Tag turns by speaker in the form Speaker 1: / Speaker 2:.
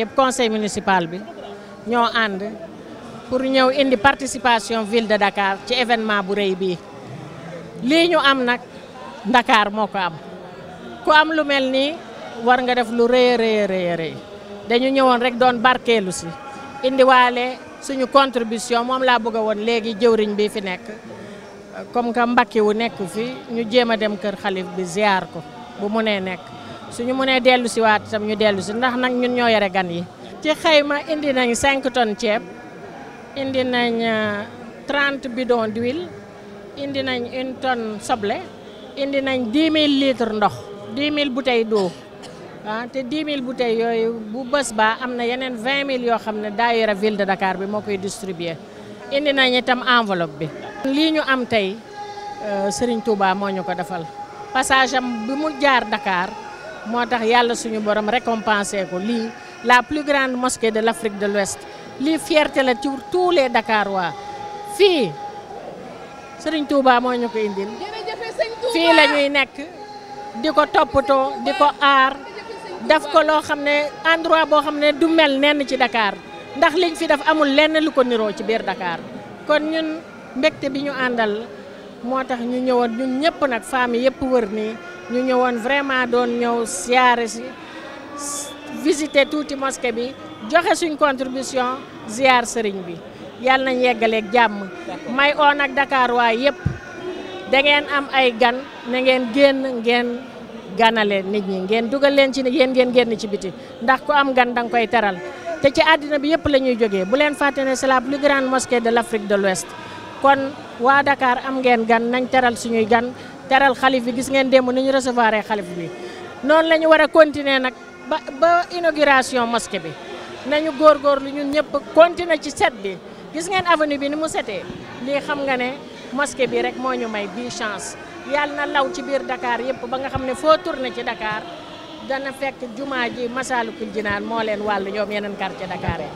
Speaker 1: yëpp conseil municipal bi ñoo ànd pour ñëw indi participation ville de Dakar ci événement bu rëy bii lii ñu am nag Dakar moo ko am ku am lu mel nii war nga def lu rëy rëy rëy rëy dañu ñëwoon rek doon barkeelu si indiwaale suñu contribution moom laa bëgg woon léegi jëwriñ bi fi nekk comme que mbakki wu nekk fi ñu jéem a dem kër xalif bi ziar ko bu mu nee nekk su suñu mënee dellu si waat itam ñu dellu si ndax nag ñun ñoo yore gan yi. ci xayma indi nañ 5 tonnes ceeb indi nañ 30 euh, bidons d'huile indi nañ une tonne soble indi nañ 10 000 litres ndox 10 000 bouteilles d'eau ah te 10 000 bouteilles yooyu bu bës baa am na yeneen 20 000 yoo xam ne daayira ville de dakaar bi moo koy distribuer indi nañ itam enveloppe bi. lii ñu am tey euh, Serigne Touba moo ñu ko defal passage bi mu jaar Dakar. motax yalla suñu récompensé la plus grande mosquée de l'Afrique de l'Ouest li fierté la tous les Dakarois fi Serigne Touba mo ñu indil fi la ñuy les Topoto, daf ko lo xamné endroit bo xamné du mel nenn ci Dakar ndax liñ fi daf amul lenn lu Dakar kon ñun bi ñu ñu ñun ñëpp wër ñu ñëwoon vraiment doon ñëw siyaare si visiter tuuti mosquée bi joxe suñ contribution ziar sëriñ bi yàlla nañ yeggaleeg jàmm may oo nag dakaar waa yëpp da ngeen am ay gan na ngeen génn ngeen ganale nit ñi ngeen dugal leen ci yéen ngeen génn ci biti ndax ku am gan da koy teral te ci addina bi yëpp la ñuy jógee bu leen fàtte ne c'est la plus grande mosquée de l'Afrique de l'Ouest kon waa Dakar am ngeen gan nañ teral suñuy gan teral xalif bi gis ngeen démb ni ñu recevoir xalif bi noonu la ñu war a continuer nag ba ba inauguration mosquée bi nañu góorgóorlu ñun ñëpp continuer ci set bi gis ngeen avenue bi ni mu setee lii xam nga ne mosquée bi rek moo ñu may bii chance yàlla na law ci biir dakaar yëpp ba nga xam ne foo tourné ci dakaar dana fekk jumaa ji Masaalikul naan moo leen wàllu ñoom yeneen quartier Dakar yi